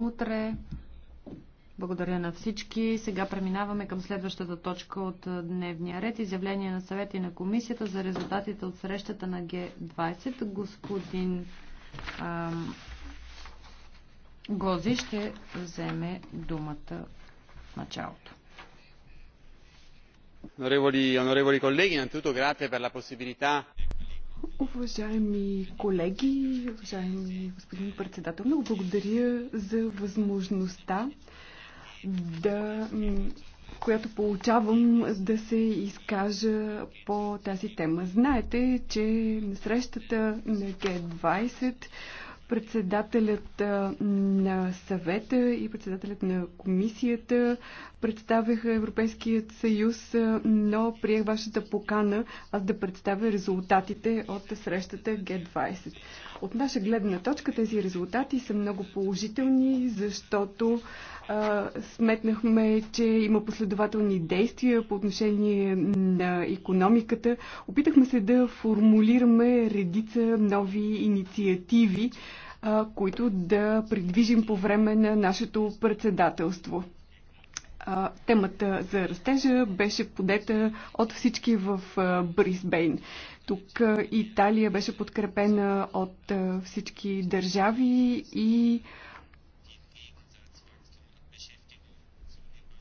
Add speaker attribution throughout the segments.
Speaker 1: утре. Благодаря на всички. Сега преминаваме към следващата точка от дневния ред. Изявление на съвета и на комисията за резултатите от срещата на Г20. Господин ам, Гози ще вземе думата в началото.
Speaker 2: Onorevoli, onorevoli colleghi, innanzitutto grazie per la possibilità Уважаеми колеги, уважаеми господин председател, много благодаря за възможността, да, която получавам да се изкажа по тази тема. Знаете, че на срещата на Г20 Председателят на съвета и председателят на комисията представяха Европейският съюз, но приех вашата покана аз да представя резултатите от срещата G20. От наша гледна точка тези резултати са много положителни, защото а, сметнахме, че има последователни действия по отношение на економиката. Опитахме се да формулираме редица нови инициативи, които да придвижим по време на нашето председателство. Темата за растежа беше подета от всички в Брисбейн. Тук Италия беше подкрепена от всички държави и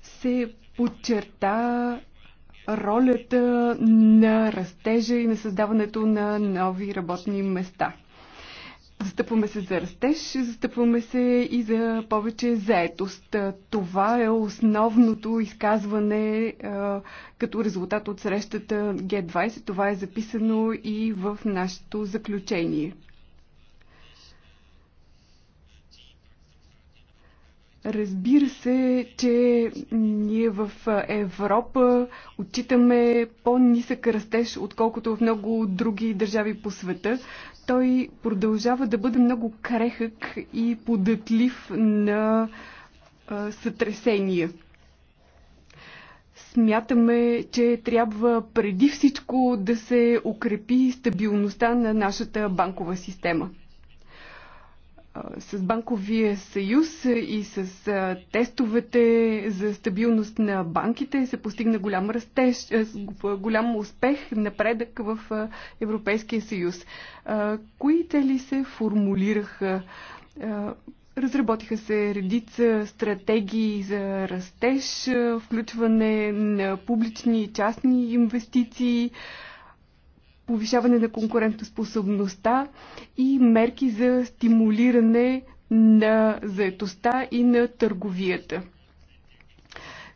Speaker 2: се подчерта ролята на растежа и на създаването на нови работни места. Застъпваме се за растеж, застъпваме се и за повече заетост. Е, това е основното изказване е, като резултат от срещата Г20. Това е записано и в нашето заключение. Разбира се, че ние в Европа отчитаме по-нисък растеж, отколкото в много други държави по света, той продължава да бъде много крехък и податлив на а, сътресения. Смятаме, че трябва преди всичко да се укрепи стабилността на нашата банкова система с банковия съюз и с тестовете за стабилност на банките се постигна голям растеж, голям успех, напредък в Европейския съюз. Кои цели се формулираха? Разработиха се редица стратегии за растеж, включване на публични и частни инвестиции, повишаване на конкурентоспособността и мерки за стимулиране на заетостта и на търговията.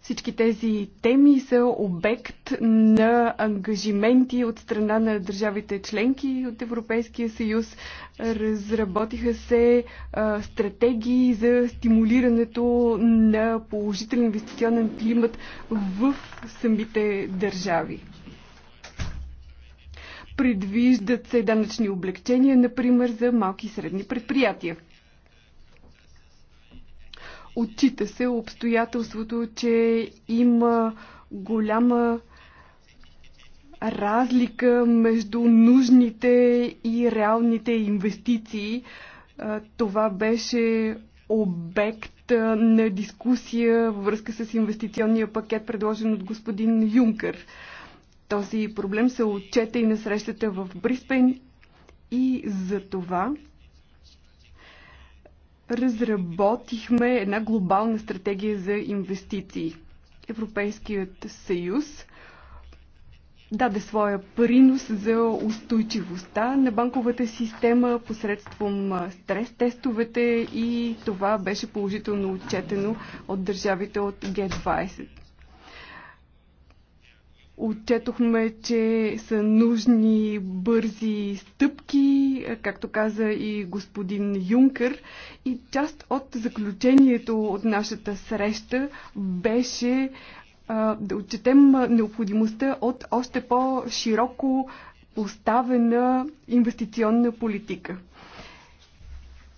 Speaker 2: Всички тези теми са обект на ангажименти от страна на държавите членки от Европейския съюз. Разработиха се а, стратегии за стимулирането на положителен инвестиционен климат в самите държави. Предвиждат се данъчни облегчения, например, за малки и средни предприятия. Отчита се обстоятелството, че има голяма разлика между нужните и реалните инвестиции. Това беше обект на дискусия във връзка с инвестиционния пакет, предложен от господин Юнкър. Този проблем се отчете и на срещата в Бриспейн и за това разработихме една глобална стратегия за инвестиции. Европейският съюз даде своя принос за устойчивостта на банковата система посредством стрес-тестовете и това беше положително отчетено от държавите от Г-20. Отчетохме, че са нужни бързи стъпки, както каза и господин Юнкър. И част от заключението от нашата среща беше да отчетем необходимостта от още по-широко поставена инвестиционна политика.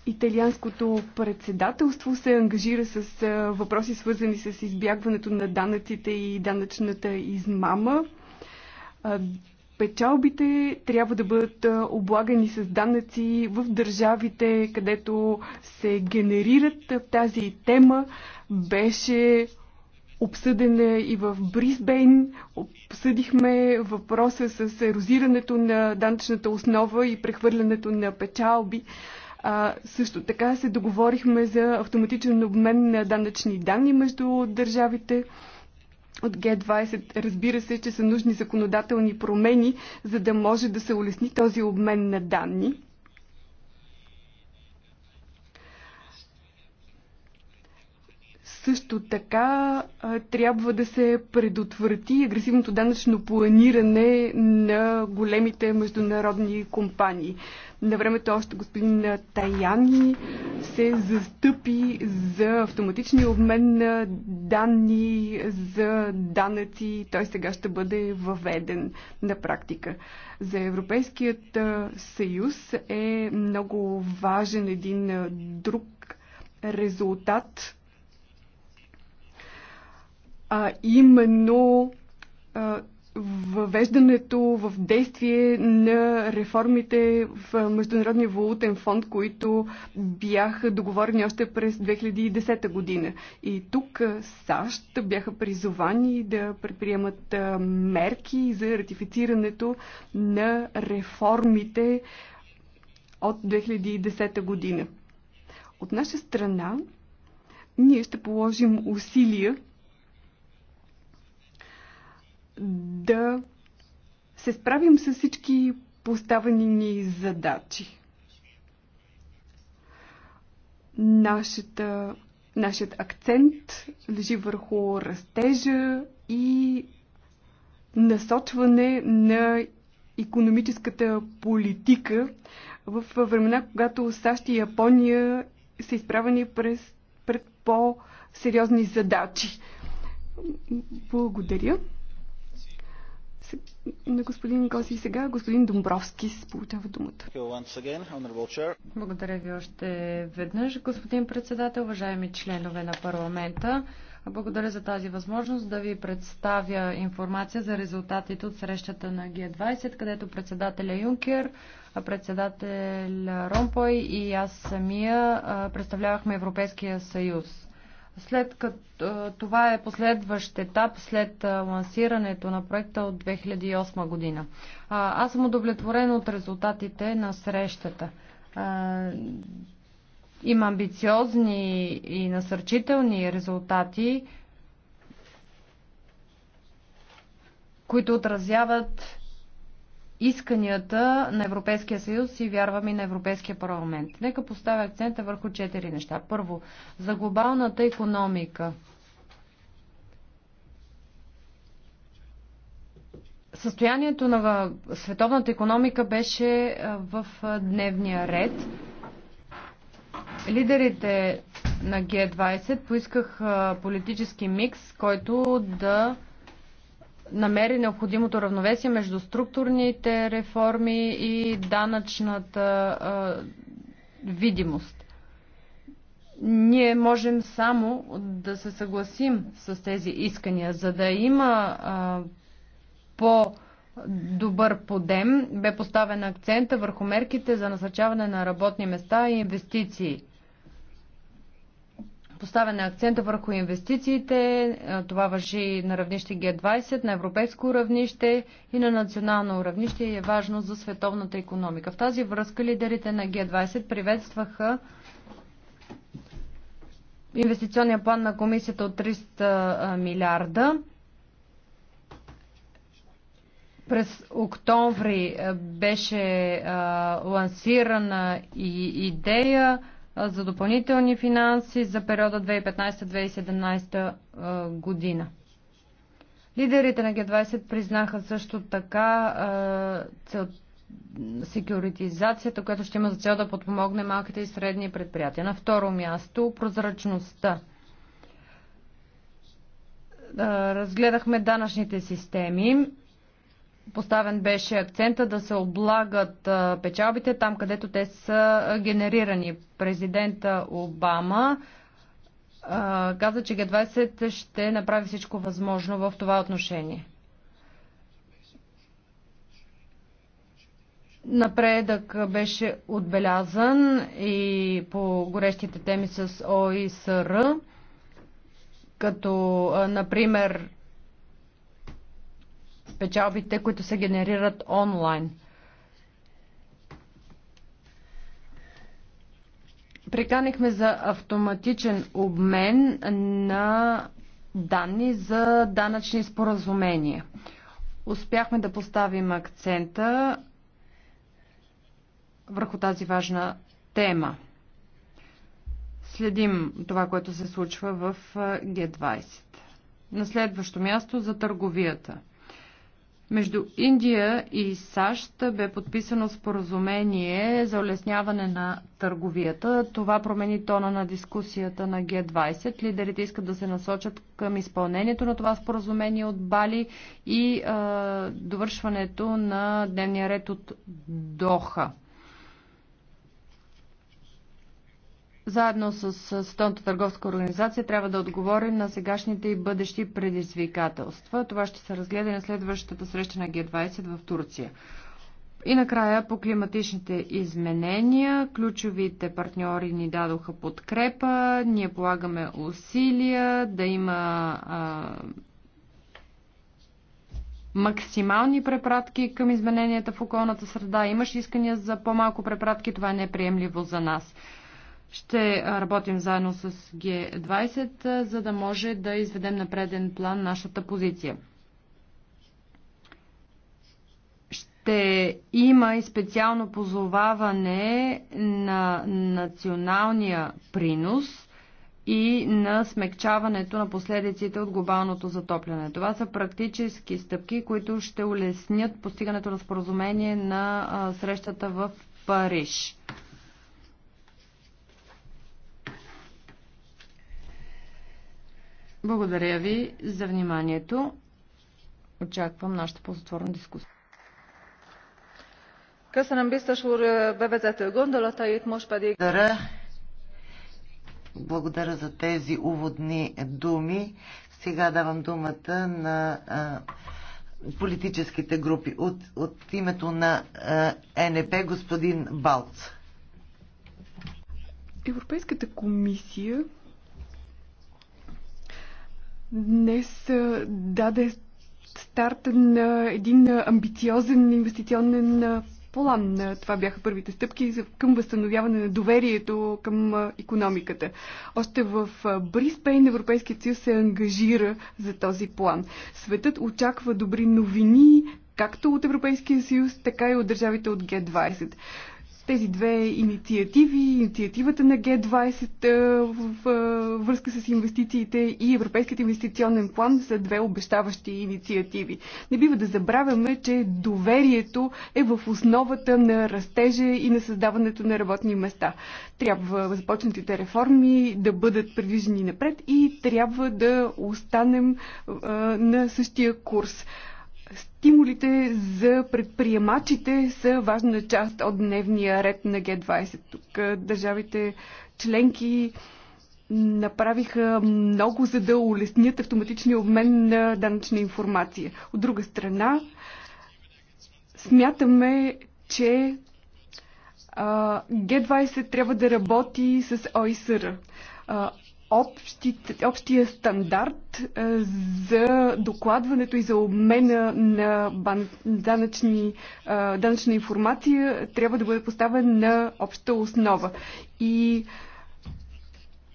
Speaker 2: Италианското председателство се ангажира с въпроси свързани с избягването на данъците и данъчната измама. Печалбите трябва да бъдат облагани с данъци в държавите, където се генерират. Тази тема беше обсъдена и в Бризбейн. Обсъдихме въпроса с ерозирането на данъчната основа и прехвърлянето на печалби. А, също така се договорихме за автоматичен обмен на данъчни данни между държавите от Г20. Разбира се, че са нужни законодателни промени, за да може да се улесни този обмен на данни. Също така трябва да се предотврати агресивното данъчно планиране на големите международни компании. На времето още господин Таяни се застъпи за автоматичния обмен на данни за данъци. Той сега ще бъде въведен на практика. За Европейският съюз е много важен един друг резултат, а именно въвеждането в действие на реформите в Международния валутен фонд, които бяха договорени още през 2010 година. И тук САЩ бяха призовани да предприемат мерки за ратифицирането на реформите от 2010 година. От наша страна ние ще положим усилия да се справим с всички поставени ни задачи. Нашата, нашият акцент лежи върху растежа и насочване на економическата политика в времена, когато САЩ и Япония са изправени през, пред по-сериозни задачи. Благодаря на господин Коси сега. Господин Домбровски получава думата.
Speaker 1: Благодаря ви още веднъж,
Speaker 2: господин председател, уважаеми
Speaker 1: членове на парламента. Благодаря за тази възможност да ви представя информация за резултатите от срещата на Г20, където председателя Юнкер, председател Ромпой и аз самия представлявахме Европейския съюз. След като това е последващ етап след лансирането на проекта от 2008 година. Аз съм удовлетворен от резултатите на срещата. Има амбициозни и насърчителни резултати, които отразяват исканията на Европейския съюз и вярвам и на Европейския парламент. Нека поставя акцента върху четири неща. Първо, за глобалната економика. Състоянието на световната економика беше в дневния ред. Лидерите на Г20 поисках политически микс, който да намери необходимото равновесие между структурните реформи и данъчната а, видимост. Ние можем само да се съгласим с тези искания, за да има а, по- добър подем бе поставен акцента върху мерките за насърчаване на работни места и инвестиции поставен е акцента върху инвестициите. Това въжи на равнище Г20, на европейско равнище и на национално равнище и е важно за световната економика. В тази връзка лидерите на Г20 приветстваха инвестиционния план на комисията от 300 милиарда. През октомври беше лансирана и идея за допълнителни финанси за периода 2015-2017 година. Лидерите на Г-20 признаха също така цел... секюритизацията, която ще има за цел да подпомогне малките и средни предприятия. На второ място прозрачността. Разгледахме данъчните системи Поставен беше акцента да се облагат печалбите там, където те са генерирани. Президента Обама каза, че Г-20 ще направи всичко възможно в това отношение. Напредък беше отбелязан и по горещите теми с ОИСР, като, например, печалбите, които се генерират онлайн. Приканихме за автоматичен обмен на данни за данъчни споразумения. Успяхме да поставим акцента върху тази важна тема. Следим това, което се случва в g 20 На следващо място за търговията – между Индия и САЩ бе подписано споразумение за улесняване на търговията. Това промени тона на дискусията на Г-20. Лидерите искат да се насочат към изпълнението на това споразумение от Бали и е, довършването на дневния ред от Доха. заедно с Стонта търговска организация трябва да отговори на сегашните и бъдещи предизвикателства. Това ще се разгледа на следващата среща на Г20 в Турция. И накрая по климатичните изменения. Ключовите партньори ни дадоха подкрепа. Ние полагаме усилия да има а, максимални препратки към измененията в околната среда. Имаш искания за по-малко препратки. Това е неприемливо за нас. Ще работим заедно с Г20, за да може да изведем на преден план нашата позиция. Ще има и специално позоваване на националния принос и на смекчаването на последиците от глобалното затопляне. Това са практически стъпки, които ще улеснят постигането на споразумение на срещата в Париж. Благодаря ви за вниманието. Очаквам нашата ползотворна дискусия. Köszönöm biztos úr bevezető gondolatait, most pedig... Благодаря.
Speaker 3: Благодаря за тези уводни думи. Сега давам думата на а, политическите групи. От, от името на а, НП господин
Speaker 2: Балц. Европейската комисия днес даде старт на един амбициозен инвестиционен план. Това бяха първите стъпки към възстановяване на доверието към економиката. Още в Бриспейн Европейският съюз се ангажира за този план. Светът очаква добри новини както от Европейския съюз, така и от държавите от Г-20 тези две инициативи, инициативата на Г-20 е, в връзка с инвестициите и Европейският инвестиционен план са две обещаващи инициативи. Не бива да забравяме, че доверието е в основата на растежа и на създаването на работни места. Трябва започнатите реформи да бъдат предвижени напред и трябва да останем е, на същия курс. Стимулите за предприемачите са важна част от дневния ред на Г20. Тук държавите членки направиха много, за да улеснят автоматичния обмен на данъчна информация. От друга страна, смятаме, че Г20 трябва да работи с ОИСР общите, общия стандарт е, за докладването и за обмена на данъчни, е, данъчна информация трябва да бъде поставен на обща основа. И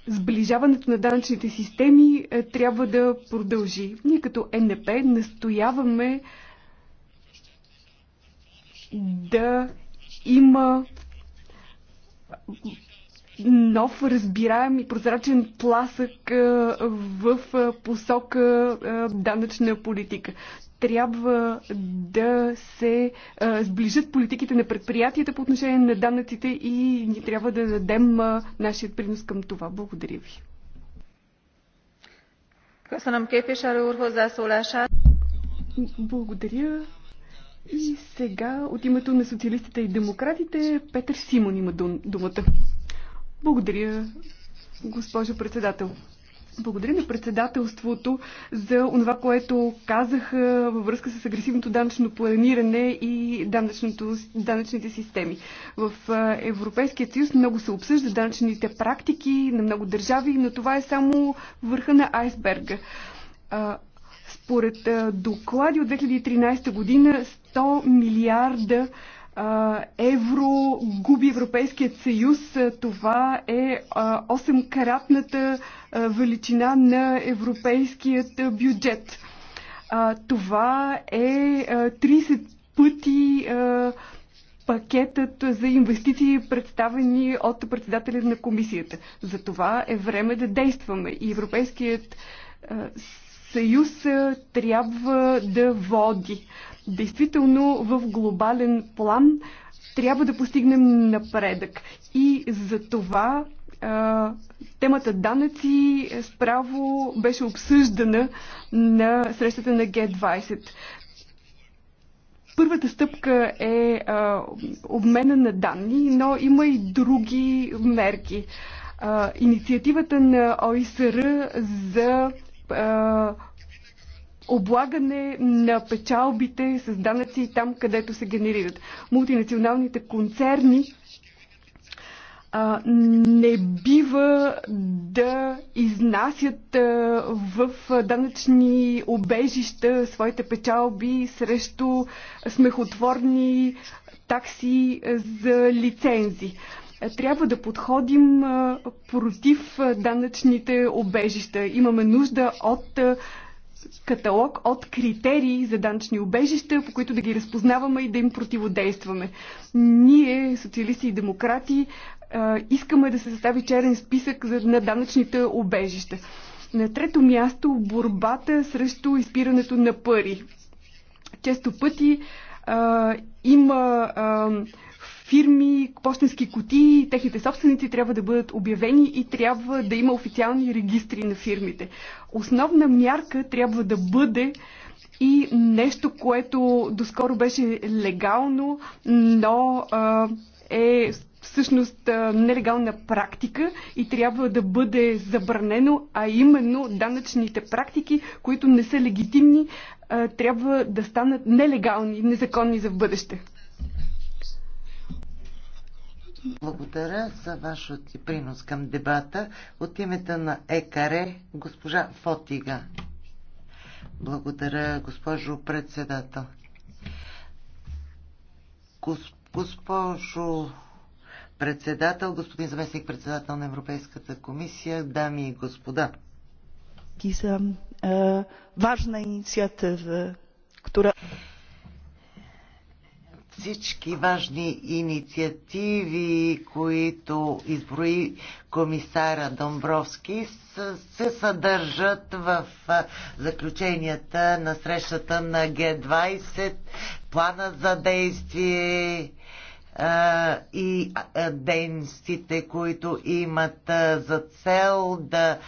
Speaker 2: сближаването на данъчните системи е, трябва да продължи. Ние като НП настояваме да има нов, разбираем и прозрачен пласък в посока данъчна политика. Трябва да се сближат политиките на предприятията по отношение на данъците и ни трябва да дадем нашия принос към това. Благодаря ви. Благодаря. И сега от името на социалистите и демократите Петър Симон има думата. Благодаря, госпожо председател. Благодаря на председателството за това, което казах във връзка с агресивното данъчно планиране и данъчните системи. В Европейския съюз много се обсъжда данъчните практики на много държави, но това е само върха на айсберга. Според доклади от 2013 година 100 милиарда евро губи Европейският съюз. Това е 8-кратната величина на европейският бюджет. Това е 30 пъти пакетът за инвестиции, представени от председателя на комисията. За това е време да действаме. И Европейският съюз трябва да води. Действително в глобален план трябва да постигнем напредък. И за това а, темата данъци справо беше обсъждана на срещата на Г20. Първата стъпка е а, обмена на данни, но има и други мерки. А, инициативата на ОИСР за а, облагане на печалбите с данъци там, където се генерират. Мултинационалните концерни а, не бива да изнасят а, в данъчни обежища своите печалби срещу смехотворни такси за лицензи трябва да подходим против данъчните обежища. Имаме нужда от каталог от критерии за данъчни убежища, по които да ги разпознаваме и да им противодействаме. Ние, социалисти и демократи, искаме да се състави черен списък на данъчните убежища. На трето място борбата срещу изпирането на пари. Често пъти а, има а, фирми, почтенски кутии, техните собственици трябва да бъдат обявени и трябва да има официални регистри на фирмите. Основна мярка трябва да бъде и нещо, което доскоро беше легално, но а, е всъщност нелегална практика и трябва да бъде забранено, а именно данъчните практики, които не са легитимни, трябва да станат нелегални, незаконни за в бъдеще.
Speaker 3: Благодаря за си принос към дебата. От името на ЕКАРЕ, госпожа Фотига. Благодаря, госпожо председател. Госпожо председател, господин заместник председател на Европейската комисия, дами и господа.
Speaker 2: Киса, е, важна инициатива, която
Speaker 3: всички важни инициативи, които изброи комисара Домбровски, се съдържат в заключенията на срещата на Г-20, плана за действие и дейностите, които имат за цел да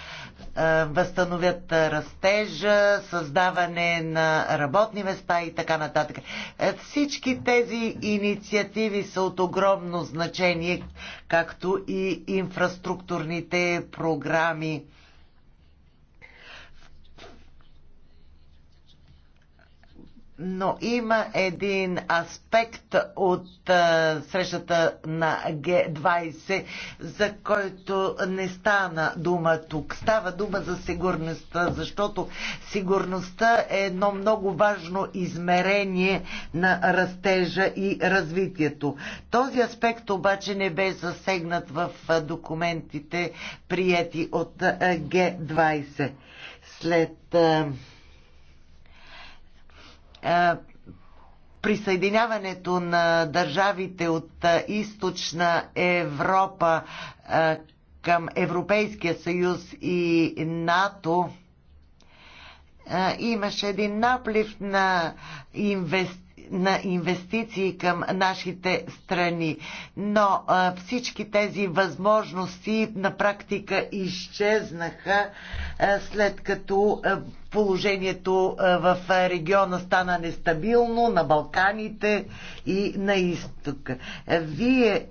Speaker 3: е, възстановят е, растежа, създаване на работни места и така нататък. Е, всички тези инициативи са от огромно значение, както и инфраструктурните програми но има един аспект от а, е, срещата на Г20, за който не стана дума тук. Става дума за сигурността, защото сигурността е едно много важно измерение на растежа и развитието. Този аспект обаче не бе засегнат в е, документите, прияти от е, Г20. След. А, е, присъединяването на държавите от е, източна Европа е, към Европейския съюз и НАТО имаше един наплив на инвестиции на инвестиции към нашите страни. Но а, всички тези възможности на практика изчезнаха а, след като а, положението а, в региона стана нестабилно на Балканите и на изток. Вие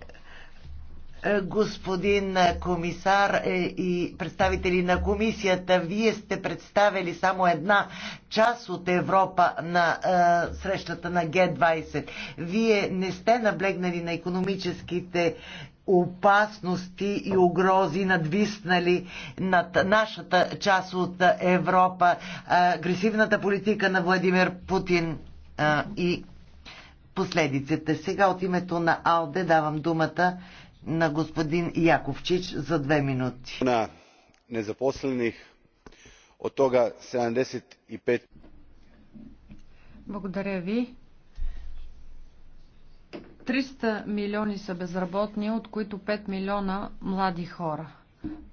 Speaker 3: господин комисар е, и представители на комисията, вие сте представили само една част от Европа на е, срещата на Г-20. Вие не сте наблегнали на економическите опасности и угрози надвиснали над нашата част от Европа, е, агресивната политика на Владимир Путин и последиците. Сега от името на Алде давам думата на господин Яковчич за две минути. На
Speaker 2: незапослених
Speaker 3: от тога 75
Speaker 1: Благодаря ви. 300 милиони са безработни, от които 5 милиона млади хора.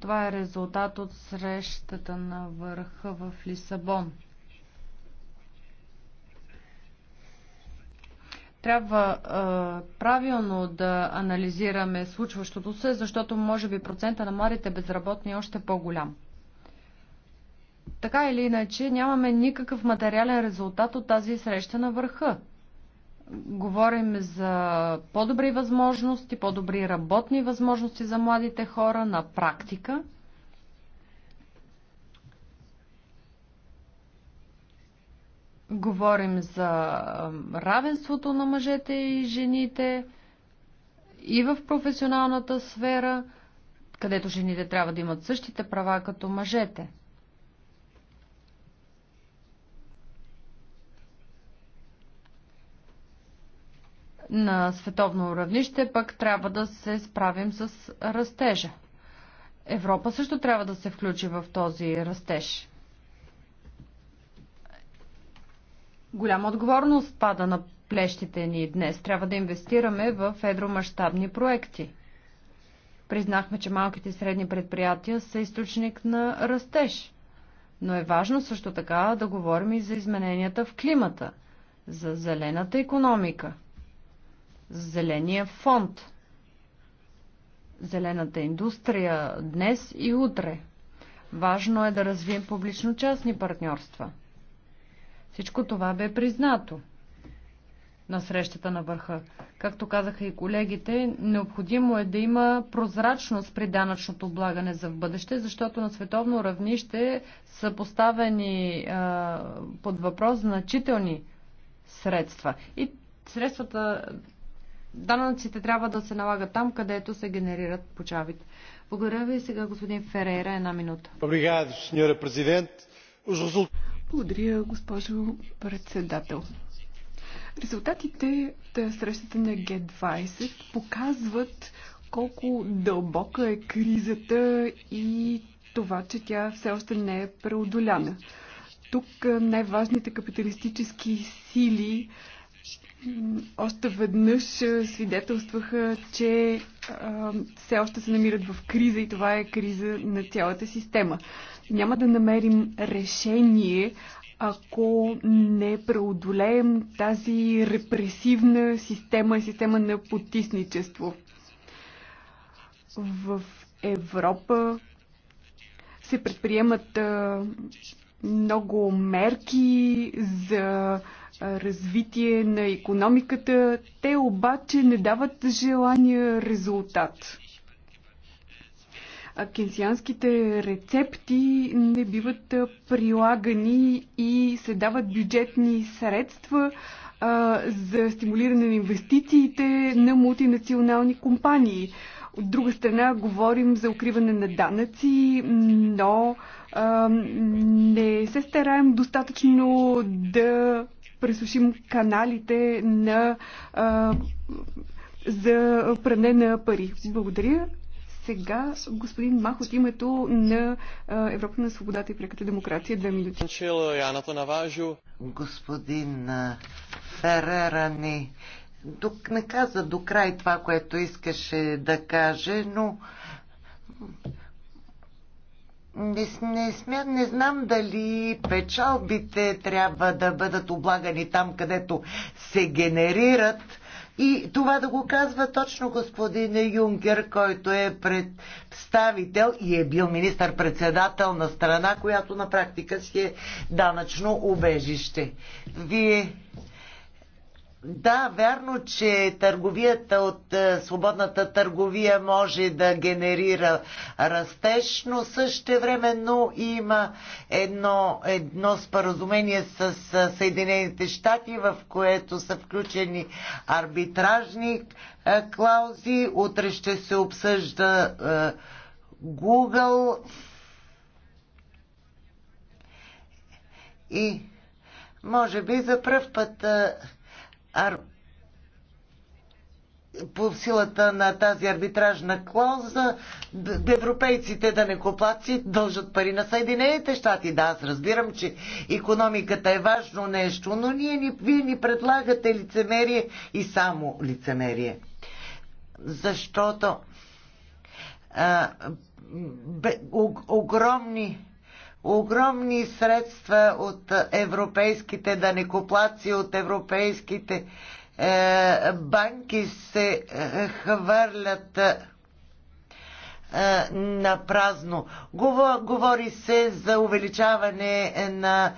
Speaker 1: Това е резултат от срещата на върха в Лисабон – трябва а, правилно да анализираме случващото се, защото може би процента на младите безработни е още по-голям. Така или иначе, нямаме никакъв материален резултат от тази среща на върха. Говорим за по-добри възможности, по-добри работни възможности за младите хора на практика – Говорим за равенството на мъжете и жените и в професионалната сфера, където жените трябва да имат същите права като мъжете. на световно равнище, пък трябва да се справим с растежа. Европа също трябва да се включи в този растеж. Голяма отговорност пада на плещите ни днес. Трябва да инвестираме в едромащабни проекти. Признахме, че малките и средни предприятия са източник на растеж. Но е важно също така да говорим и за измененията в климата, за зелената економика, за зеления фонд, зелената индустрия днес и утре. Важно е да развием публично-частни партньорства – всичко това бе признато на срещата на върха. Както казаха и колегите, необходимо е да има прозрачност при данъчното облагане за в бъдеще, защото на световно равнище са поставени а, под въпрос значителни средства. И средствата, данъците трябва да се налагат там, където се генерират почавите. Благодаря ви сега господин Ферейра, една минута. Благодаря, senhora
Speaker 2: благодаря, госпожо председател. Резултатите от срещата на Г20 показват колко дълбока е кризата и това, че тя все още не е преодоляна. Тук най-важните капиталистически сили още веднъж свидетелстваха, че все още се намират в криза и това е криза на цялата система. Няма да намерим решение, ако не преодолеем тази репресивна система, система на потисничество. В Европа се предприемат много мерки за развитие на економиката, те обаче не дават желания резултат. Кенсианските рецепти не биват прилагани и се дават бюджетни средства за стимулиране на инвестициите на мултинационални компании. От друга страна, говорим за укриване на данъци, но а, не се стараем достатъчно да пресушим каналите на, а, за пране на пари. Благодаря. Сега господин Мах от името на Европа на свободата и преката демокрация. Две минути.
Speaker 3: Господин Ферера ни Док, не каза до край това, което искаше да каже, но не, не, смя, не знам дали печалбите трябва да бъдат облагани там, където се генерират и това да го казва точно господин Юнкер, който е представител и е бил министър-председател на страна, която на практика си е данъчно убежище. Вие да, вярно, че търговията от е, свободната търговия може да генерира растеж, но времено има едно, едно споразумение с е, Съединените щати, в което са включени арбитражни е, клаузи. Утре ще се обсъжда Google и може би за първ път ар... по силата на тази арбитражна клауза европейците да не коплаци дължат пари на Съединените щати. Да, аз разбирам, че економиката е важно нещо, но ние ни, вие ни предлагате лицемерие и само лицемерие. Защото а, бе, о, огромни огромни средства от европейските данекоплаци, от европейските е, банки се е, хвърлят е, на празно. Говори се за увеличаване на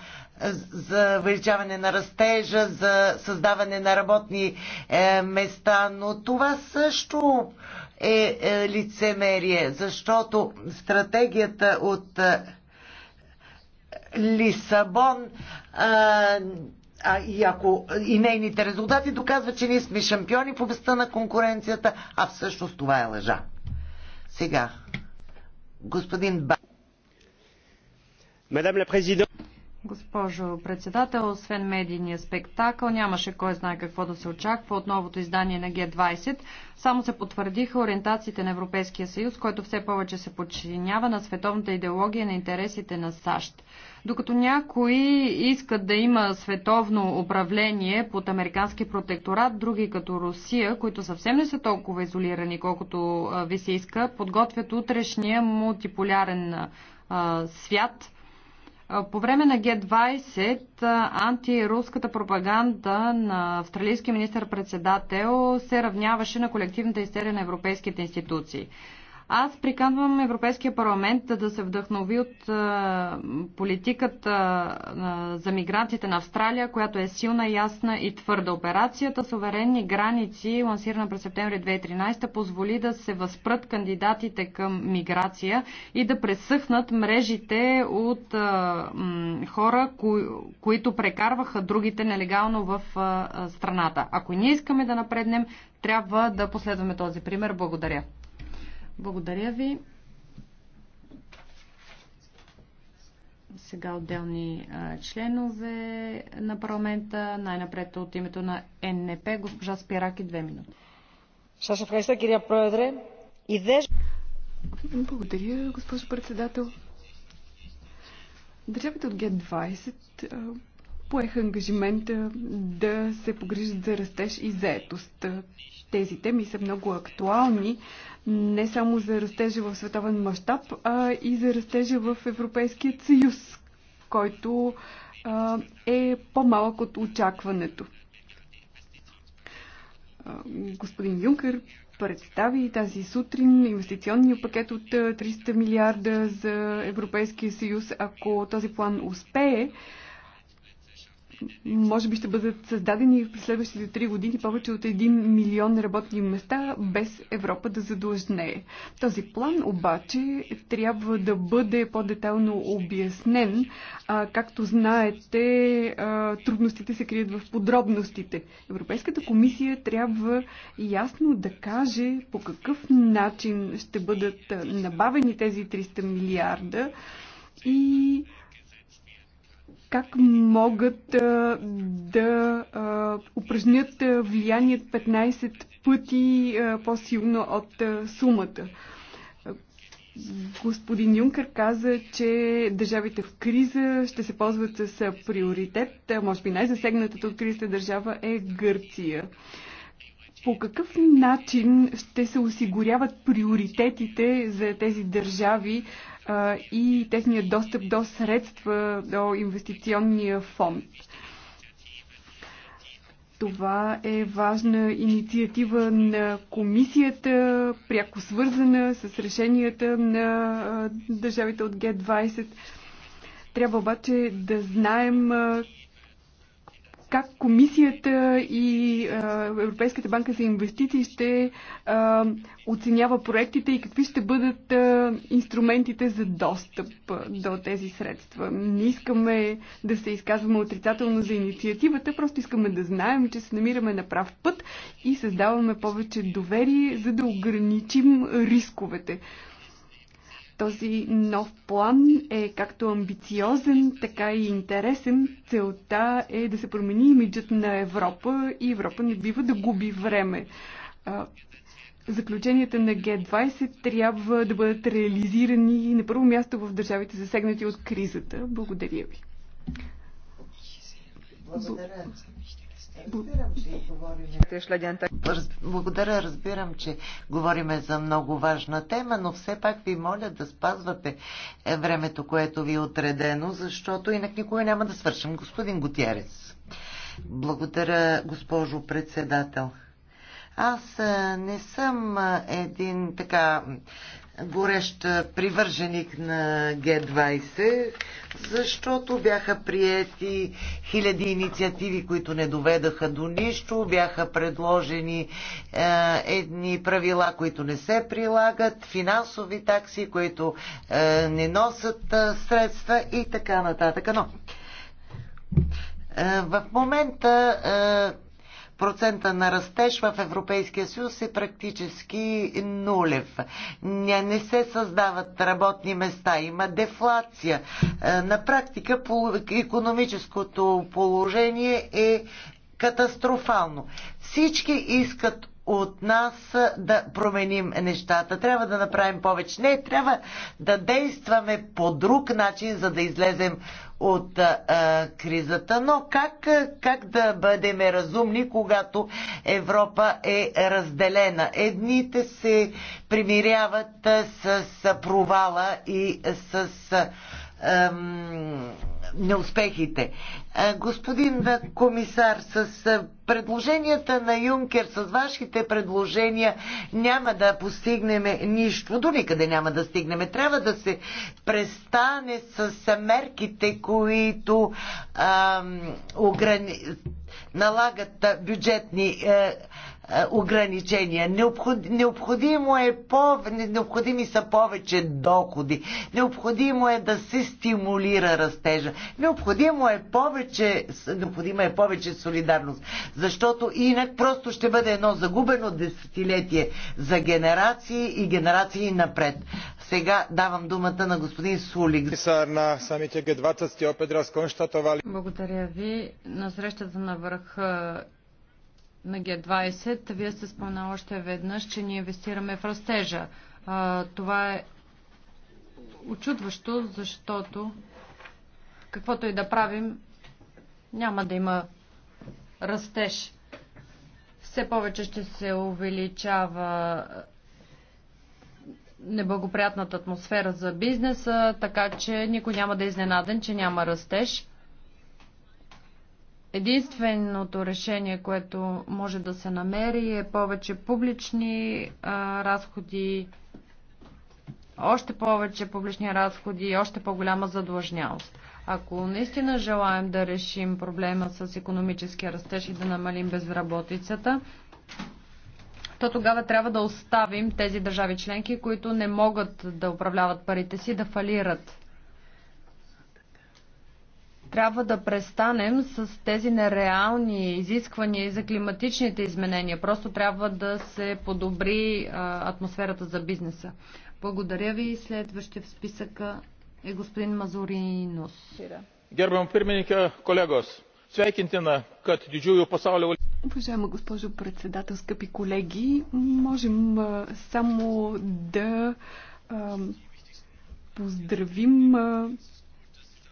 Speaker 3: за увеличаване на растежа, за създаване на работни е, места, но това също е, е лицемерие, защото стратегията от е, Лисабон а, а, и, ако, и нейните резултати доказват, че ние сме шампиони в областта на конкуренцията, а всъщност това е лъжа. Сега, господин Ба.
Speaker 2: Мадам ла президент.
Speaker 1: Госпожо председател, освен медийния спектакъл, нямаше кой знае какво да се очаква от новото издание на Г-20. Само се потвърдиха ориентациите на Европейския съюз, който все повече се подчинява на световната идеология на интересите на САЩ. Докато някои искат да има световно управление под американски протекторат, други като Русия, които съвсем не са толкова изолирани, колкото ви се иска, подготвят утрешния мултиполярен свят – по време на Г-20 антируската пропаганда на австралийския министър-председател се равняваше на колективната истерия на европейските институции. Аз приканвам Европейския парламент да се вдъхнови от политиката за мигрантите на Австралия, която е силна, ясна и твърда. Операцията Суверенни граници, лансирана през септември 2013, позволи да се възпрат кандидатите към миграция и да пресъхнат мрежите от хора, които прекарваха другите нелегално в страната. Ако ние искаме да напреднем, трябва да последваме този пример. Благодаря. Благодаря ви. Сега отделни членове на парламента. Най-напред от името на ННП, госпожа Спираки, две минути. Σας ευχαριστώ, κυρία Πρόεδρε.
Speaker 2: Благодаря, госпожо председател. Държавите от Г-20 поех ангажимента да се погрижат за растеж и заетост. Тези теми са много актуални не само за растежа в световен мащаб, а и за растежа в Европейският съюз, който а, е по-малък от очакването. Господин Юнкер представи тази сутрин инвестиционния пакет от 300 милиарда за Европейския съюз. Ако този план успее, може би ще бъдат създадени в следващите три години повече от 1 милион работни места без Европа да задлъжнее. Този план обаче трябва да бъде по-детайлно обяснен. А, както знаете, а, трудностите се крият в подробностите. Европейската комисия трябва ясно да каже по какъв начин ще бъдат набавени тези 300 милиарда и как могат а, да а, упражнят влияние 15 пъти по-силно от а, сумата. Господин Юнкър каза, че държавите в криза ще се ползват с приоритет. Може би най-засегнатата от кризата държава е Гърция. По какъв начин ще се осигуряват приоритетите за тези държави и техния достъп до средства, до инвестиционния фонд. Това е важна инициатива на комисията, пряко свързана с решенията на държавите от Г-20. Трябва обаче да знаем как комисията и Европейската банка за инвестиции ще оценява проектите и какви ще бъдат инструментите за достъп до тези средства. Не искаме да се изказваме отрицателно за инициативата, просто искаме да знаем, че се намираме на прав път и създаваме повече доверие, за да ограничим рисковете. Този нов план е както амбициозен, така и интересен. Целта е да се промени имиджът на Европа и Европа не бива да губи време. Заключенията на Г20 трябва да бъдат реализирани на първо място в държавите засегнати от кризата. Благодаря ви.
Speaker 3: Благодаря. Благодаря, разбирам, че говориме за много важна тема, но все пак ви моля да спазвате е, времето, което ви е отредено, защото инак никога няма да свършим. Господин Готярец. Благодаря, госпожо председател. Аз е, не съм е, един така горещ привърженик на Г-20, защото бяха приети хиляди инициативи, които не доведаха до нищо, бяха предложени е, едни правила, които не се прилагат, финансови такси, които е, не носят е, средства и така нататък. Но е, в момента е, процента на растеж в Европейския съюз е практически нулев. Не, не се създават работни места, има дефлация. Е, на практика економическото положение е катастрофално. Всички искат от нас да променим нещата. Трябва да направим повече. Не, трябва да действаме по друг начин, за да излезем от а, кризата. Но как, как да бъдем разумни, когато Европа е разделена? Едните се примиряват с, провала и с. Ам, неуспехите. Господин комисар, с предложенията на Юнкер, с вашите предложения няма да постигнем нищо, до никъде няма да стигнем. Трябва да се престане с мерките, които ам, ограни... налагат бюджетни е, е, ограничения. Необходимо е по, необходими са повече доходи. Необходимо е да се стимулира растежа. Необходимо е повече, необходимо е повече солидарност. Защото инак просто ще бъде едно загубено десетилетие за генерации и генерации напред. Сега давам думата на господин Сулик. Благодаря ви. На срещата на върха
Speaker 1: на Г20, вие сте спомнал още веднъж, че ние инвестираме в растежа. А, това е очудващо, защото каквото и да правим, няма да има растеж. Все повече ще се увеличава неблагоприятната атмосфера за бизнеса, така че никой няма да е изненаден, че няма растеж. Единственото решение, което може да се намери е повече публични а, разходи, още повече публични разходи и още по-голяма задлъжнялост. Ако наистина желаем да решим проблема с економическия растеж и да намалим безработицата, то тогава трябва да оставим тези държави членки, които не могат да управляват парите си, да фалират трябва да престанем с тези нереални изисквания за климатичните изменения. Просто трябва да се подобри атмосферата за бизнеса. Благодаря ви. Следващия в списъка е господин Мазоринус. Гербам пирменика, е, колегос. Свейкинтина, кът дidžiųjų pasaulio
Speaker 2: Уважаема госпожо председател, скъпи колеги, можем само да поздравим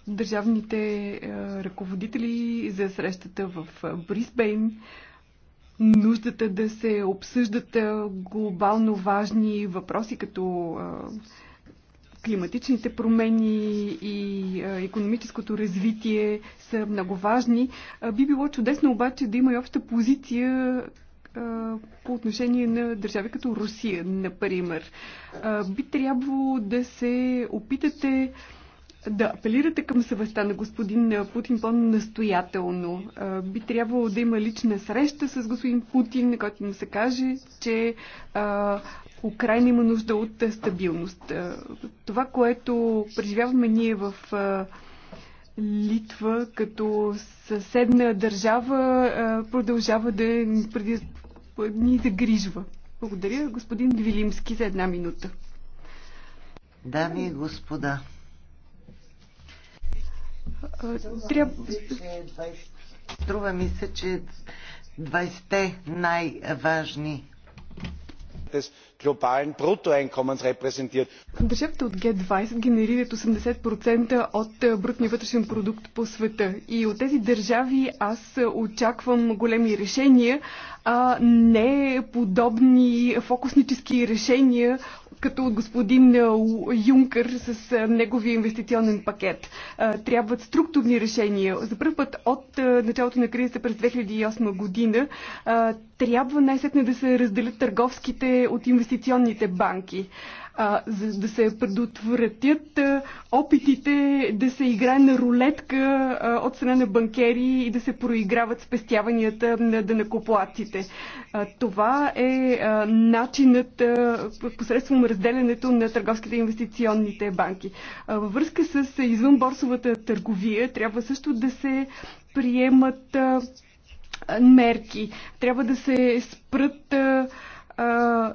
Speaker 2: държавните е, ръководители за срещата в е, Брисбейн, нуждата да се обсъждат е, глобално важни въпроси, като климатичните промени и економическото развитие са много важни. Би било чудесно обаче да има и обща позиция по отношение на държави като Русия, например. Би трябвало да се опитате да апелирате към съвестта на господин Путин по-настоятелно. Би трябвало да има лична среща с господин Путин, на който му се каже, че а, Украина има нужда от стабилност. Това, което преживяваме ние в а, Литва като съседна държава, а, продължава да ни загрижва. Благодаря, господин Вилимски, за една минута.
Speaker 3: Дами и господа, трябва... Струва ми се, че
Speaker 2: 20-те най-важни des Държавите от G20 генерират 80% от е, брутния вътрешен продукт по света. И от тези държави аз очаквам големи решения, а не подобни фокуснически решения, като от господин е, Юнкър с е, неговия инвестиционен пакет. Е, трябват структурни решения. За първ път от началото на кризата през 2008 година трябва най-сетне да се разделят търговските от инвестиционните банки а, за да се предотвратят а, опитите да се играе на рулетка а, от страна на банкери и да се проиграват спестяванията на дънакоплатците. А, това е а, начинът а, посредством разделянето на търговските инвестиционните банки. А, във връзка с извънборсовата търговия трябва също да се приемат а, мерки. Трябва да се спрат а, а,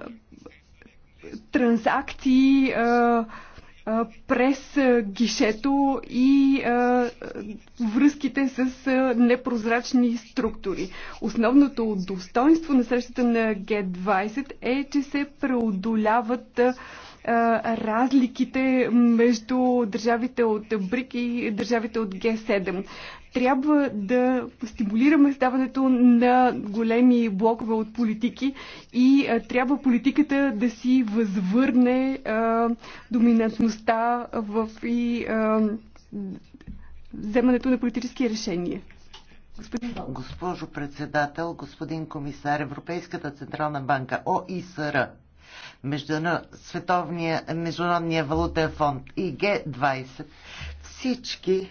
Speaker 2: транзакции а, а, през а, гишето и а, връзките с а, непрозрачни структури. Основното достоинство на срещата на Г20 е, че се преодоляват а, разликите между държавите от БРИК и държавите от Г7 трябва да стимулираме ставането на големи блокове от политики и трябва политиката да си възвърне доминантността в и вземането на политически решения.
Speaker 3: Господин... Госпожо председател, господин комисар, Европейската централна банка ОИСР Междуна... Световния международния валутен фонд и Г20, всички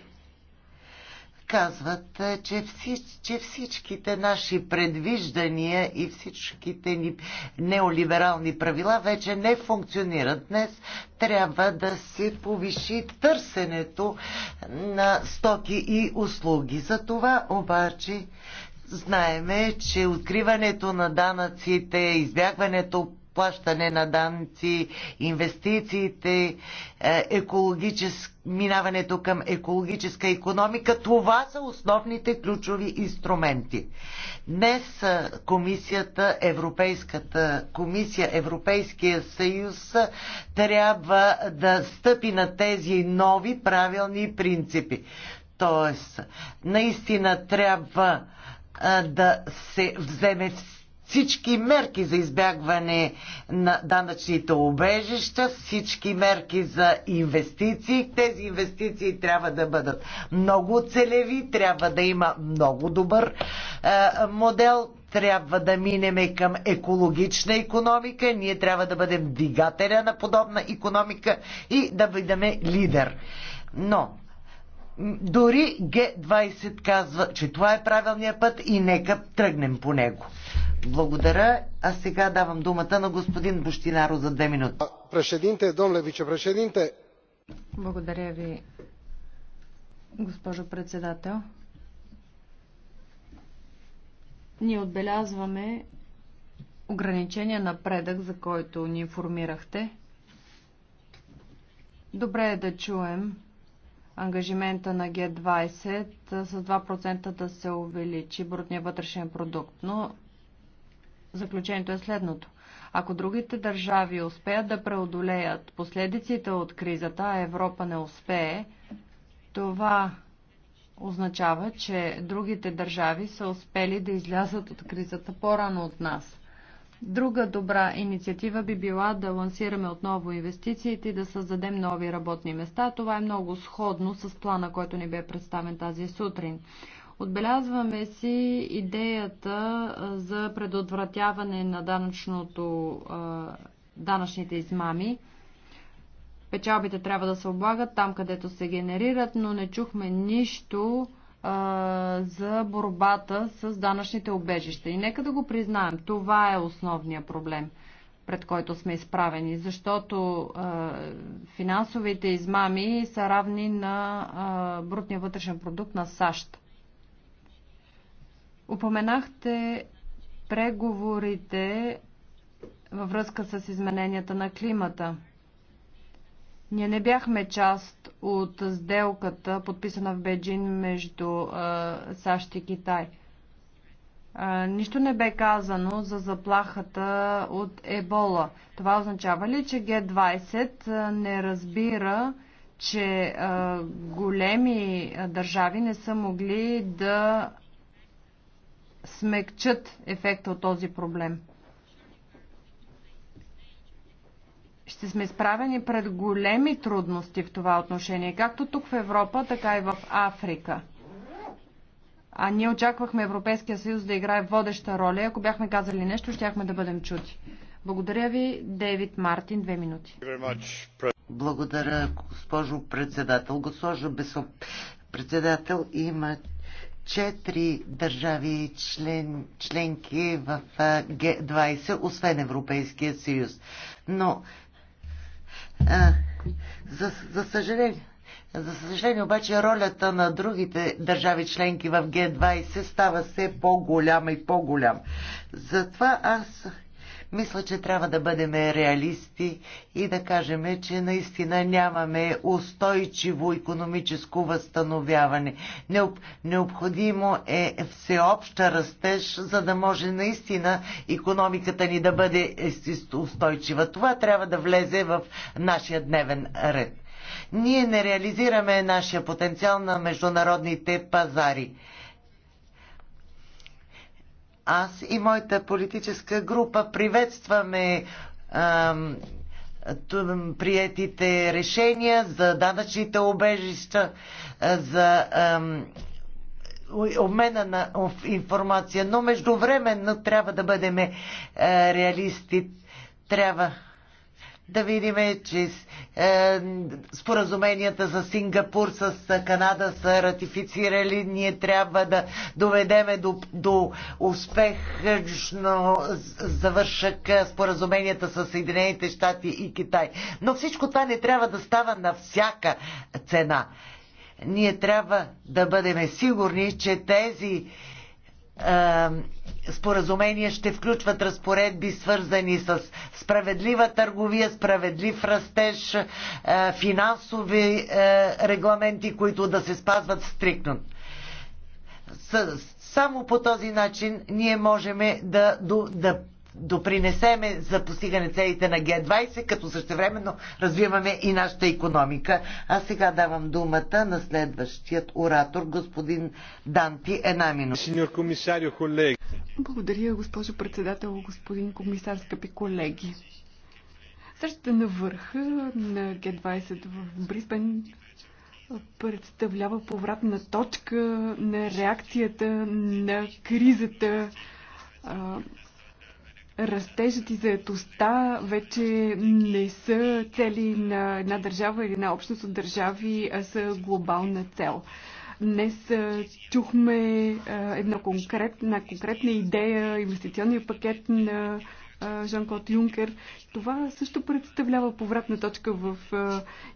Speaker 3: казват, е, че, всич, че всичките наши предвиждания и всичките ни неолиберални правила вече не функционират. Днес трябва да се повиши търсенето на стоки и услуги. За това обаче знаеме, че откриването на данъците, избягването плащане на данци, инвестициите, е, минаването към екологическа економика. Това са основните ключови инструменти. Днес е, комисията, Европейската комисия, Европейския съюз е, трябва да стъпи на тези нови правилни принципи. Тоест, наистина трябва да се вземе всички всички мерки за избягване на данъчните обежища, всички мерки за инвестиции. Тези инвестиции трябва да бъдат много целеви, трябва да има много добър е, модел, трябва да минеме към екологична економика, ние трябва да бъдем двигателя на подобна економика и да бъдем лидер. Но дори Г20 казва, че това е правилният път и нека тръгнем по него. Благодаря. А сега давам думата на господин Бощинаро за две минути. Președинте, домнule вице
Speaker 1: Благодаря ви, госпожо председател. Ние отбелязваме ограничения напредък, за който ни информирахте. Добре е да чуем ангажимента на Г20 с 2% да се увеличи брутния вътрешен продукт, но заключението е следното. Ако другите държави успеят да преодолеят последиците от кризата, а Европа не успее, това означава, че другите държави са успели да излязат от кризата по-рано от нас. Друга добра инициатива би била да лансираме отново инвестициите и да създадем нови работни места. Това е много сходно с плана, който ни бе представен тази сутрин. Отбелязваме си идеята за предотвратяване на данъчното, данъчните измами. Печалбите трябва да се облагат там, където се генерират, но не чухме нищо за борбата с данъчните обежища. И нека да го признаем, това е основният проблем пред който сме изправени, защото а, финансовите измами са равни на а, брутния вътрешен продукт на САЩ. Упоменахте преговорите във връзка с измененията на климата. Ние не бяхме част от сделката, подписана в Беджин между а, САЩ и Китай. А, нищо не бе казано за заплахата от ебола. Това означава ли, че Г-20 не разбира, че а, големи държави не са могли да смекчат ефекта от този проблем. ще сме изправени пред големи трудности в това отношение, както тук в Европа, така и в Африка. А ние очаквахме Европейския съюз да играе водеща роля. Ако бяхме казали нещо, щяхме да бъдем чути. Благодаря ви, Дейвид Мартин,
Speaker 3: две минути. Благодаря, госпожо председател. Госпожо Бесо, председател, имат четири държави член, членки в Г20, освен Европейския съюз. Но, а, за, за съжаление, за съжаление обаче ролята на другите държави членки в Г20 става все по-голяма и по-голяма. Затова аз мисля, че трябва да бъдем реалисти и да кажем, че наистина нямаме устойчиво економическо възстановяване. необходимо е всеобща растеж, за да може наистина економиката ни да бъде устойчива. Това трябва да влезе в нашия дневен ред. Ние не реализираме нашия потенциал на международните пазари. Аз и моята политическа група приветстваме ам, приятите решения за данъчните обежища, за ам, обмена на информация, но междувременно трябва да бъдем реалисти. Трябва да видим, че е, споразуменията за Сингапур с Канада са ратифицирали. Ние трябва да доведеме до, до успешно завършък споразуменията с Съединените щати и Китай. Но всичко това не трябва да става на всяка цена. Ние трябва да бъдем сигурни, че тези е, споразумения ще включват разпоредби, свързани с справедлива търговия, справедлив растеж, е, финансови е, регламенти, които да се спазват стриктно. Само по този начин ние можем да, да допринесеме за постигане целите на Г20, като същевременно развиваме и нашата економика. А сега давам думата на следващият оратор, господин Данти Енамино. Сеньор комисарио, колеги.
Speaker 2: Благодаря, госпожо председател, господин комисар, скъпи колеги. Срещата на върха на Г20 в Брисбен представлява повратна точка на реакцията на кризата Растежът и заетостта вече не са цели на една държава или една общност от държави, а са глобална цел. Днес чухме една конкретна, конкретна идея, инвестиционния пакет на Жан-Клод Юнкер. Това също представлява повратна точка в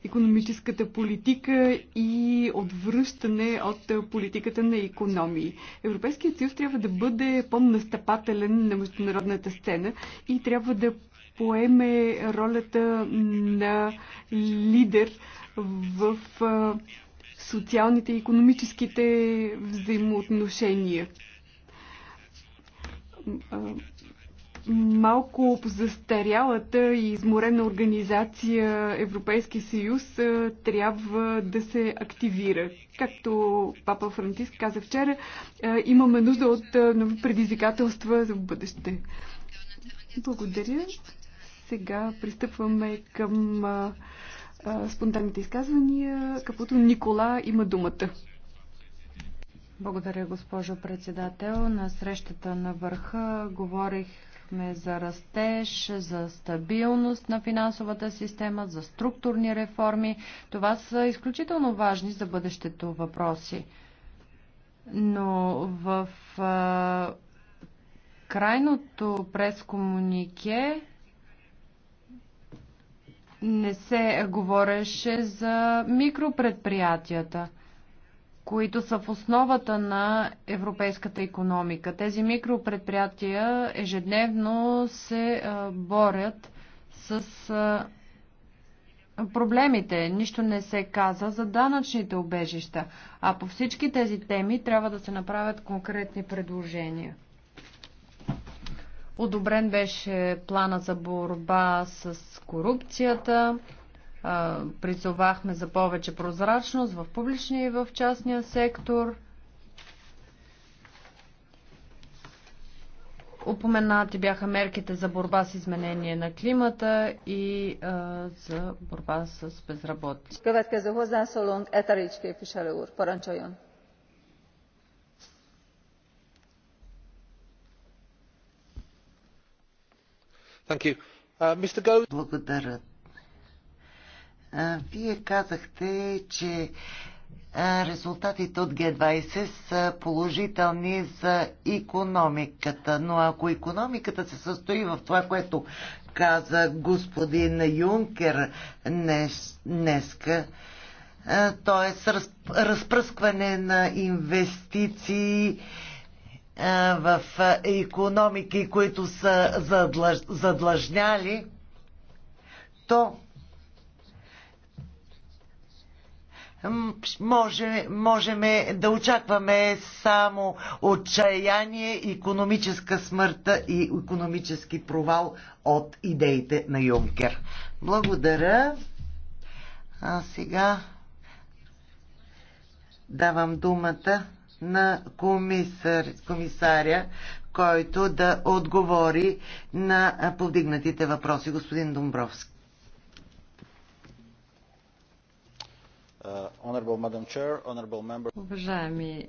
Speaker 2: економическата политика и отвръщане от политиката на економии. Европейският съюз трябва да бъде по-настъпателен на международната сцена и трябва да поеме ролята на лидер в социалните и економическите взаимоотношения малко застарялата и изморена организация Европейски съюз трябва да се активира. Както папа Франциск каза вчера, имаме нужда от нови предизвикателства за бъдеще. Благодаря. Сега пристъпваме към спонтанните изказвания. каквото Никола има думата. Благодаря, госпожо председател. На срещата на
Speaker 1: върха говорих Говорихме за растеж, за стабилност на финансовата система, за структурни реформи. Това са изключително важни за бъдещето въпроси. Но в а, крайното прескомунике не се говореше за микропредприятията – които са в основата на европейската економика. Тези микропредприятия ежедневно се борят с проблемите. Нищо не се каза за данъчните обежища. А по всички тези теми трябва да се направят конкретни предложения. Одобрен беше плана за борба с корупцията призовахме за повече прозрачност в публичния и в частния сектор. Упоменати бяха мерките за борба с изменение на климата и а, за борба с безработица.
Speaker 3: Uh, Благодаря вие казахте, че резултатите от Г20 са положителни за економиката. Но ако економиката се състои в това, което каза господин Юнкер днеска, т.е. разпръскване на инвестиции, в економики, които са задлъж, задлъжняли, то може, можем да очакваме само отчаяние, економическа смърт и економически провал от идеите на Юнкер. Благодаря. А сега давам думата на комисар, комисаря, който да отговори на повдигнатите въпроси. Господин Домбровски.
Speaker 1: Uh, Уважаеми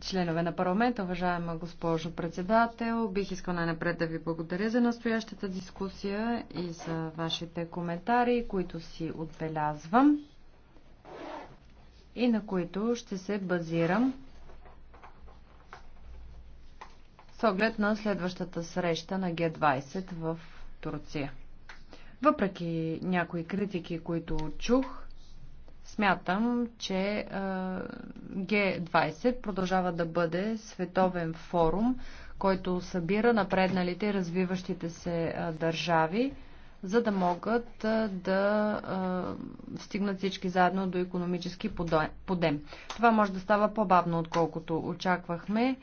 Speaker 1: членове на парламента, уважаема госпожо председател, бих искал най-напред да ви благодаря за настоящата дискусия и за вашите коментари, които си отбелязвам и на които ще се базирам с оглед на следващата среща на Г20 в Турция. Въпреки някои критики, които чух, смятам, че Г20 продължава да бъде световен форум, който събира напредналите и развиващите се държави, за да могат да стигнат всички заедно до економически подем. Това може да става по-бавно, отколкото очаквахме,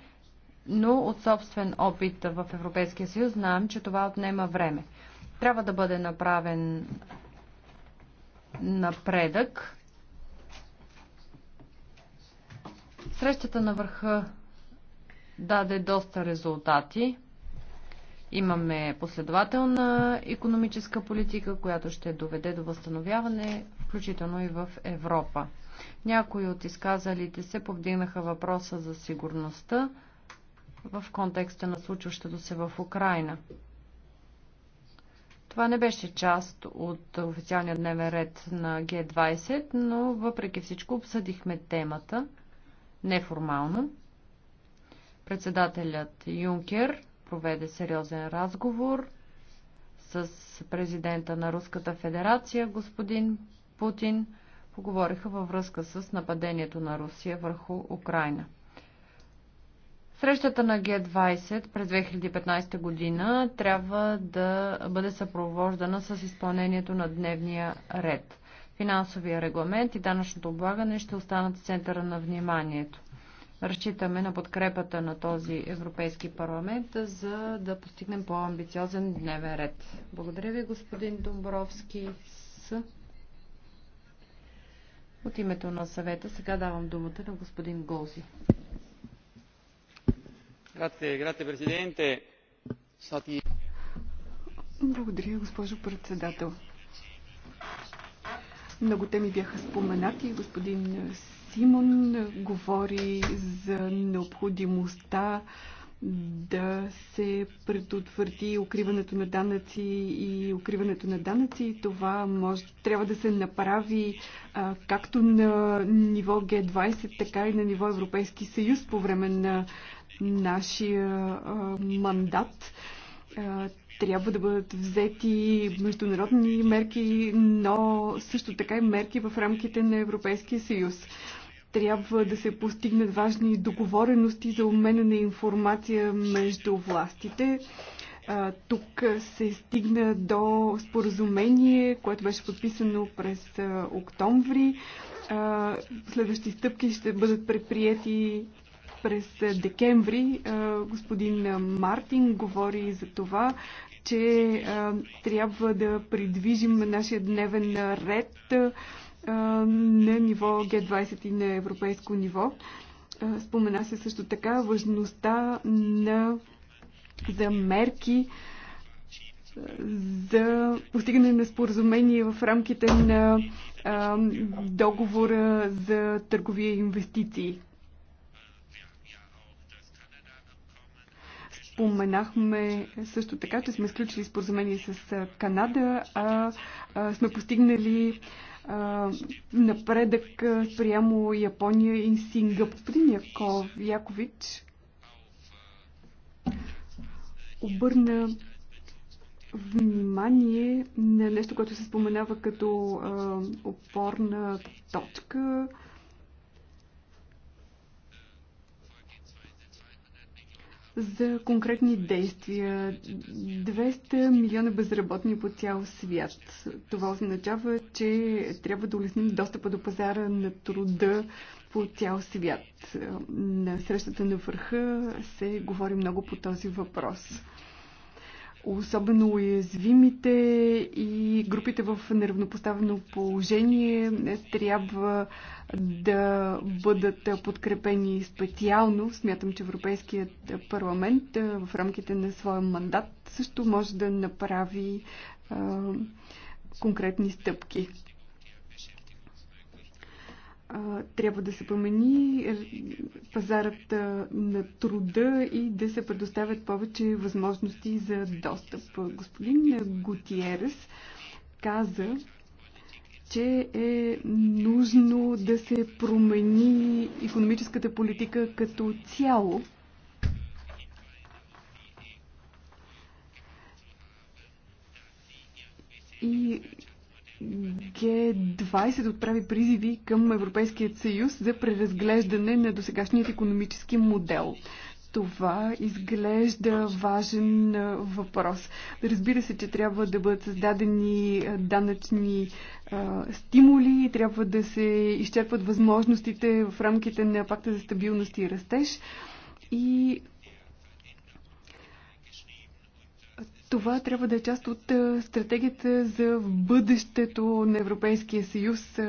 Speaker 1: но от собствен опит в Европейския съюз знам, че това отнема време. Трябва да бъде направен напредък. Срещата на върха даде доста резултати. Имаме последователна економическа политика, която ще доведе до възстановяване, включително и в Европа. Някои от изказалите се повдигнаха въпроса за сигурността в контекста на случващото се в Украина. Това не беше част от официалния дневен ред на Г20, но въпреки всичко обсъдихме темата неформално. Председателят Юнкер проведе сериозен разговор с президента на Руската федерация, господин Путин, поговориха във връзка с нападението на Русия върху Украина. Срещата на Г20 през 2015 година трябва да бъде съпровождана с изпълнението на дневния ред. Финансовия регламент и данъчното облагане ще останат в центъра на вниманието. Разчитаме на подкрепата на този Европейски парламент, за да постигнем по-амбициозен дневен ред. Благодаря ви, господин Домбровски. С... От името на съвета сега давам думата на господин Голзи.
Speaker 2: Благодаря, госпожо председател. Много теми бяха споменати. Господин Симон говори за необходимостта да се предотврати укриването на данъци и укриването на данъци. Това може, трябва да се направи а, както на ниво Г20, така и на ниво Европейски съюз по време на нашия мандат трябва да бъдат взети международни мерки, но също така и мерки в рамките на Европейския съюз. Трябва да се постигнат важни договорености за обмена на информация между властите. Тук се стигна до споразумение, което беше подписано през октомври. Следващи стъпки ще бъдат предприяти през декември господин Мартин говори за това, че трябва да придвижим нашия дневен ред на ниво Г20 и на европейско ниво. Спомена се също така важността на, за мерки за постигане на споразумение в рамките на договора за търговия и инвестиции. Споменахме също така, че сме сключили споразумение с Канада, а, а сме постигнали а, напредък прямо Япония и Сингапур. Яков Якович обърна внимание на нещо, което се споменава като а, опорна точка. А, за конкретни действия. 200 милиона безработни по цял свят. Това означава, че трябва да улесним достъпа до пазара на труда по цял свят. На срещата на върха се говори много по този въпрос особено уязвимите и групите в неравнопоставено положение трябва да бъдат подкрепени специално. Смятам, че Европейският парламент в рамките на своя мандат също може да направи конкретни стъпки трябва да се промени е, пазарът на труда и да се предоставят повече възможности за достъп. Господин Гутиерес каза, че е нужно да се промени економическата политика като цяло. И г20 отправи призиви към Европейският съюз за преразглеждане на досегашният економически модел. Това изглежда важен въпрос. Разбира се, че трябва да бъдат създадени данъчни а, стимули, трябва да се изчерпват възможностите в рамките на пакта за стабилност и растеж. И Това трябва да е част от стратегията за бъдещето на Европейския съюз.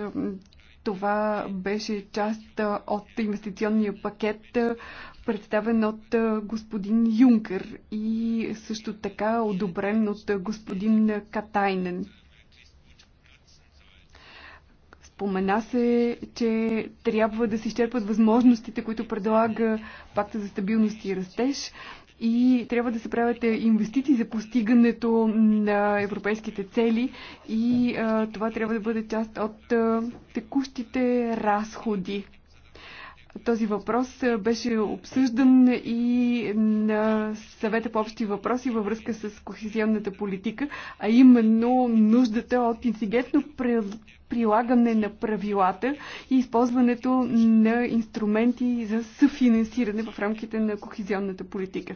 Speaker 2: Това беше част от инвестиционния пакет, представен от господин Юнкер и също така одобрен от господин Катайнен. Спомена се, че трябва да се изчерпат възможностите, които предлага Пакта за стабилност и растеж и трябва да се правят е, инвестиции за постигането на европейските цели и а, това трябва да бъде част от а, текущите разходи. Този въпрос беше обсъждан и на съвета по общи въпроси във връзка с кохезионната политика, а именно нуждата от инцидентно прилагане на правилата и използването на инструменти за съфинансиране в рамките на кохезионната политика.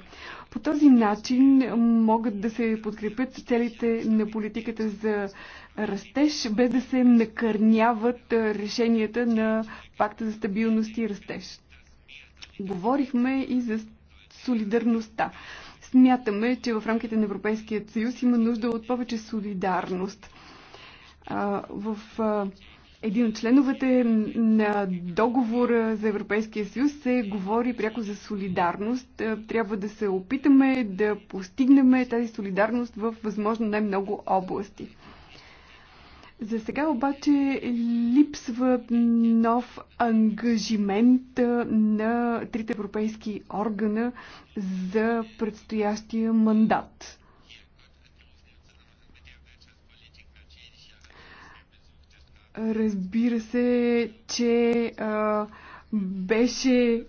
Speaker 2: По този начин могат да се подкрепят целите на политиката за растеж, без да се накърняват решенията на пакта за стабилност и растеж. Говорихме и за солидарността. Смятаме, че в рамките на Европейския съюз има нужда от повече солидарност в един от членовете на договора за Европейския съюз се говори пряко за солидарност. Трябва да се опитаме да постигнем тази солидарност в възможно най-много области. За сега обаче липсва нов ангажимент на трите европейски органа за предстоящия мандат. Разбира се, че а, беше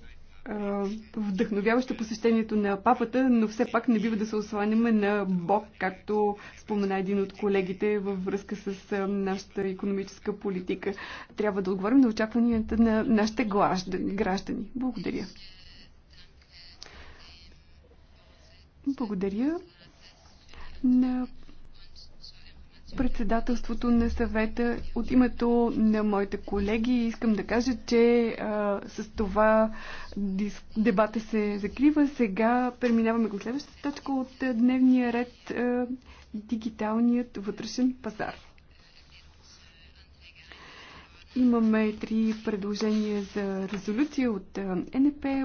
Speaker 2: а, вдъхновяващо посещението на папата, но все пак не бива да се осланяме на Бог, както спомена един от колегите във връзка с а, нашата економическа политика. Трябва да отговорим на очакванията на нашите граждани. Благодаря. Благодаря на председателството на съвета. От името на моите колеги искам да кажа, че а, с това дис... дебата се закрива. Сега преминаваме към следващата точка от дневния ред а, дигиталният вътрешен пазар. Имаме три предложения за резолюция от НП,